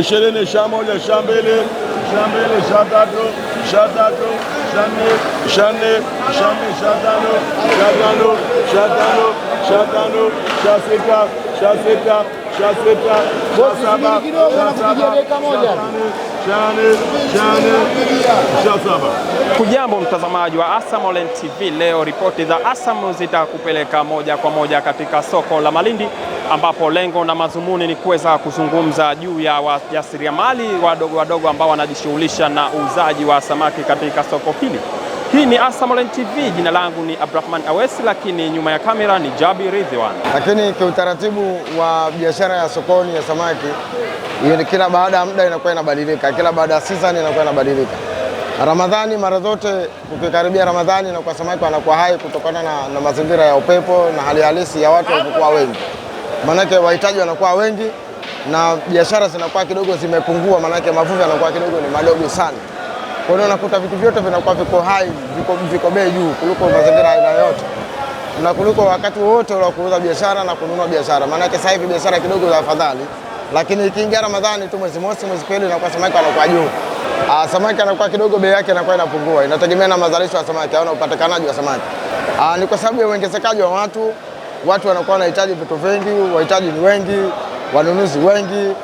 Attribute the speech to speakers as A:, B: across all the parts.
A: Ishirini shamoja ishirini mbili ishirini mbili ishirini tatu ishirini tatu ishirini ishirini ishirini ishirini tano ishirini tano ishirini tano ishirini tano ishirini sita ishirini sita ishirini sita
B: ishirini saba ishirini saba ishirini nane
C: Kujambo mtazamaji wa Asam Online TV, leo ripoti za Asam zitakupeleka moja kwa moja katika soko la Malindi ambapo lengo na madhumuni ni kuweza kuzungumza juu ya wajasiriamali wadogo wadogo ambao wanajishughulisha na uuzaji wa samaki katika soko hili. Hii ni Asam Online TV, jina langu ni Abdurahman Awesi, lakini nyuma ya kamera ni Jabi Ridhwan.
D: Lakini kiutaratibu wa biashara ya sokoni ya samaki hiyo kila baada ya muda inakuwa inabadilika, kila baada ya season inakuwa inabadilika. Ramadhani mara zote ukikaribia Ramadhani inakuwa samaki anakuwa hai kutokana na, na mazingira ya upepo na hali halisi ya watu walivyokuwa wengi, maanake wahitaji wanakuwa wengi na biashara zinakuwa kidogo zimepungua, maanake mavuvi yanakuwa kidogo ni madogo sana. Kwa hiyo unakuta vitu vyote vinakuwa viko hai, viko, viko bei juu kuliko mazingira aina yote na kuliko wakati wote wa kuuza biashara na kununua biashara, maanake sasa hivi biashara kidogo za afadhali lakini ikiingia Ramadhani tu mwezi mosi, mwezi pili inakuwa samaki anakuwa juu. Uh, samaki anakuwa kidogo, bei yake inakuwa inapungua, inategemea na mazalisho ya samaki au na upatikanaji wa samaki. Uh, ni kwa sababu ya uongezekaji wa watu, watu wanakuwa wanahitaji vitu vingi, wahitaji ni wengi, wanunuzi wengi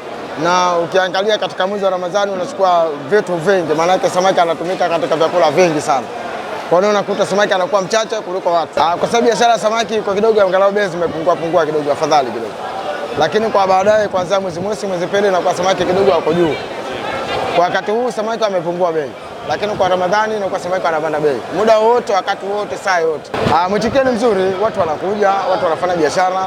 D: na ukiangalia katika mwezi wa Ramadhani unachukua vitu vingi, maana yake samaki anatumika katika vyakula vingi sana. Kwa hiyo unakuta samaki anakuwa mchache kuliko watu. Uh, kwa sababu biashara ya samaki kwa kidogo, angalau bei zimepungua pungua kidogo, afadhali kidogo lakini kwa baadaye kuanzia mwezi mosi mwezi pili na kwa samaki kidogo wako juu. Kwa wakati huu samaki wamepungua bei, lakini kwa Ramadhani na kwa samaki wanapanda bei muda wote, wakati wote, saa yote. Ah, Mwitikio ni mzuri, watu wanakuja, watu wanafanya biashara.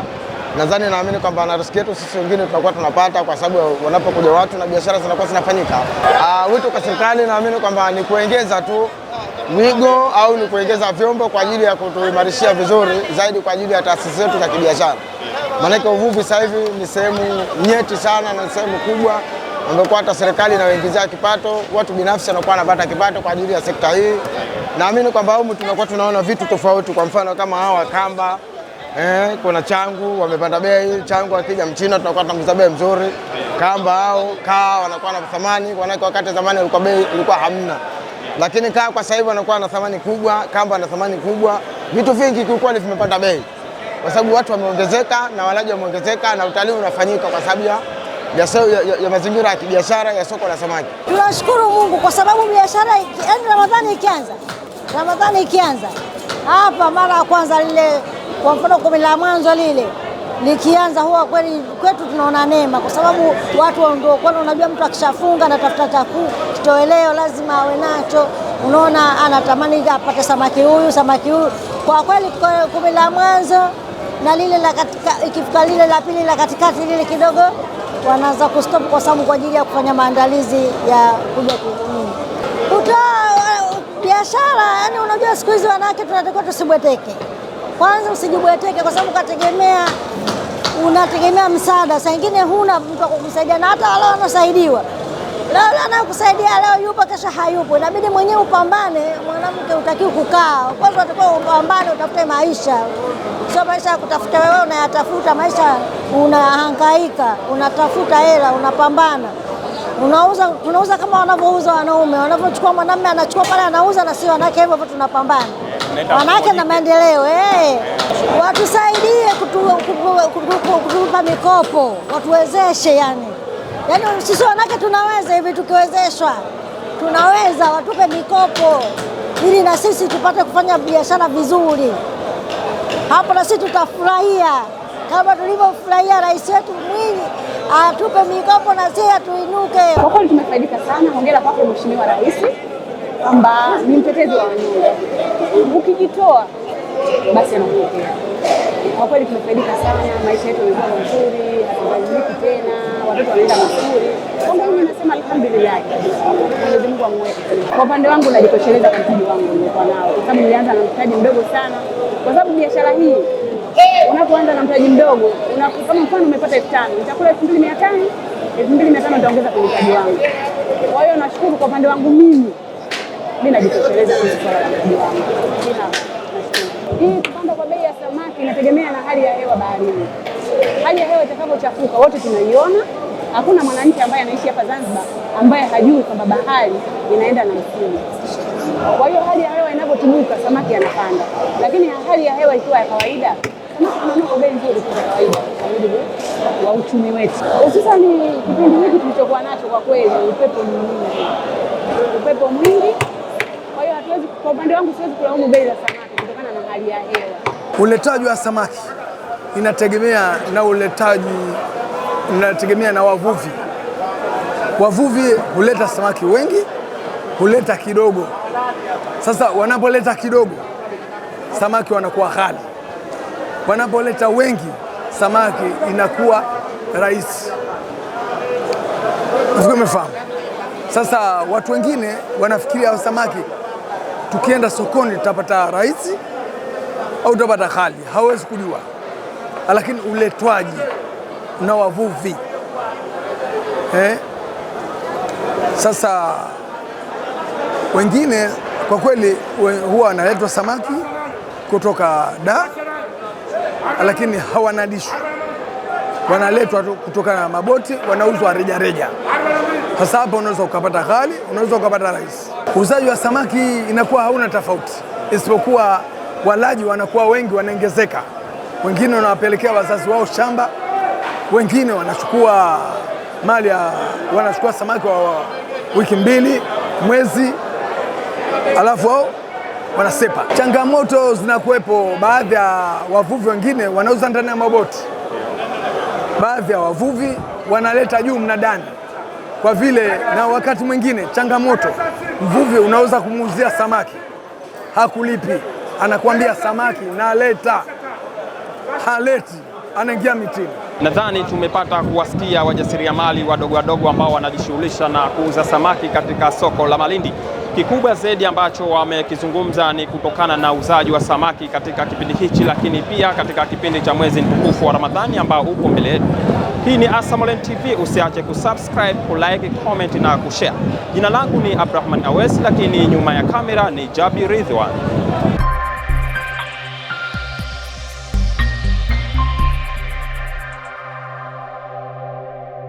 D: Nadhani naamini kwamba na riski yetu sisi wengine tunakuwa tunapata kwa sababu wanapokuja watu na biashara zinakuwa zinafanyika. Ah, Wito kwa serikali naamini kwamba ni kuongeza tu wigo au ni kuongeza vyombo kwa ajili ya kutuimarishia vizuri zaidi kwa ajili ya taasisi zetu za kibiashara. Maanake uvuvi sasa hivi ni sehemu nyeti sana na sehemu kubwa ambayo hata serikali inaingizia kipato, watu binafsi wanakuwa wanapata kipato kwa ajili ya sekta hii. Naamini kwamba humu tunakuwa tunaona vitu tofauti, kwa mfano kama hawa Kamba eh, kuna changu wamepanda bei. Changu akija Mchina tunakuwa tunamuza bei mzuri. Kamba hao kaa wanakuwa na thamani, maanake wakati zamani ilikuwa bei ilikuwa hamna, lakini kaa kwa sasa hivi wanakuwa na thamani kubwa, Kamba na thamani kubwa, vitu vingi kilikuwa vimepanda bei kwa sababu watu wameongezeka na walaji wameongezeka na utalii unafanyika kwa sababu ya ya, ya, ya mazingira ya kibiashara ya soko la samaki.
E: Tunashukuru Mungu kwa sababu biashara yaani, Ramadhani ikianza Ramadhani ikianza hapa mara ya kwanza lile, kwa mfano kumi la mwanzo lile likianza, huwa kweli kwetu tunaona neema, kwa sababu watu waondoa, kwani unajua mtu akishafunga anatafuta taku kitoweleo, lazima awe nacho, unaona, anatamani apate samaki huyu samaki huyu. Kwa kweli kumi la mwanzo na lile la katika, ikifika lile la pili la katikati lile kidogo wanaanza kustop kwa sababu kwa ajili ya kufanya maandalizi ya kuja kununua mm. kutoa uh, biashara. Yani unajua siku hizi wanawake tunatakiwa tusibweteke, kwanza usijibweteke, kwa sababu ukategemea unategemea msaada, saa ingine huna mtu akukusaidia, na hata wale wanasaidiwa Leo leo anakusaidia leo yupo, kesho hayupo, inabidi mwenyewe upambane. Mwanamke utakiwa kukaa kwanza, utakuwa upambane, utafute maisha, sio maisha ya kutafuta wewe unayatafuta maisha, unahangaika, unatafuta hela, unapambana, unauza, tunauza kama wanavyouza wanaume, wanavyochukua mwanamume anachukua pale, anauza na sio wanawake, hivyo tunapambana wanawake na maendeleo eh. Watusaidie kutupa mikopo, watuwezeshe yani Yaani sisi wanawake tunaweza hivi, tukiwezeshwa tunaweza, watupe mikopo ili na sisi tupate kufanya biashara vizuri, hapo na sisi tutafurahia kama tulivyofurahia rais wetu Mwinyi atupe mikopo na sisi atuinuke.
F: Kwa kweli tumefaidika sana. Hongera kwake Mheshimiwa Rais
G: kwamba ni mtetezi wa wanyonge,
F: ukijitoa
G: basi anakuokea.
F: Kwa kweli tumefaidika sana, maisha yetu yamekuwa mazuri, hatubadiliki tena, watoto wanaenda mazuri. mimi nasema alhamdulillah, Mwenyezi Mungu amweke. Kwa upande wangu najitosheleza kwa mtaji wangu nilikuwa nao, kwa sababu nilianza na mtaji mdogo sana, kwa sababu biashara hii unapoanza na mtaji mdogo, kama mfano umepata elfu tano nitakula elfu mbili mia tano elfu mbili mia tano nitaongeza kwenye mtaji wangu. Kwa hiyo nashukuru kwa upande wangu mimi, mi najitosheleza kwenye swala la mtaji wangu. Hii hmm, kupanda kwa bei ya samaki inategemea na hali ya hewa baharini. Hali ya hewa itakapochafuka wote tunaiona. Hakuna mwananchi ambaye anaishi hapa Zanzibar ambaye hajui kwamba bahari inaenda na msimu. Kwa hiyo hali ya hewa inapotubuka samaki anapanda, lakini hali ya hewa ikiwa ya kawaida bei nzuri kwa kawaida
G: wa uchumi wetu,
F: hususani kipindi hiki tulichokuwa nacho. Kwa kweli upepo ni mwingi, upepo mwingi. Kwa hiyo hatuwezi, kwa upande wangu siwezi kulaumu bei za samaki hali ya hewa?
H: Uletaji wa samaki inategemea na uletaji, inategemea na wavuvi. Wavuvi huleta samaki wengi, huleta kidogo. Sasa wanapoleta kidogo, samaki wanakuwa ghali, wanapoleta wengi, samaki inakuwa rahisi. Umefahamu? Sasa watu wengine wanafikiria samaki, tukienda sokoni tutapata rahisi utapata hali, hawezi kujua, lakini uletwaji na wavuvi eh? Sasa wengine kwa kweli huwa wanaletwa samaki kutoka da, lakini hawanadishwi, wanaletwa kutoka na maboti, wanauzwa rejareja. Sasa hapa unaweza ukapata ghali, unaweza ukapata rahisi. Uuzaji wa samaki inakuwa hauna tofauti isipokuwa walaji wanakuwa wengi, wanaongezeka. Wengine wanawapelekea wazazi wao shamba, wengine wanachukua mali ya wanachukua samaki wa wiki mbili, mwezi, alafu wao wanasepa. Changamoto zinakuwepo, baadhi ya wavuvi wengine wanauza ndani ya maboti, baadhi ya wavuvi wanaleta juu mnadani kwa vile, na wakati mwingine changamoto, mvuvi unaweza kumuuzia samaki hakulipi anakuambia samaki naleta, haleti, anaingia mitini.
C: Nadhani tumepata kuwasikia wajasiriamali wadogo wadogo ambao wanajishughulisha na kuuza samaki katika soko la Malindi. Kikubwa zaidi ambacho wamekizungumza ni kutokana na uuzaji wa samaki katika kipindi hichi, lakini pia katika kipindi cha mwezi mtukufu wa Ramadhani ambao upo mbele yetu. Hii ni Asam Online TV, usiache kusubscribe, kulike, comment na kushare. Jina langu ni Abdurahman Awes, lakini nyuma ya kamera ni Jabi Ridhwan.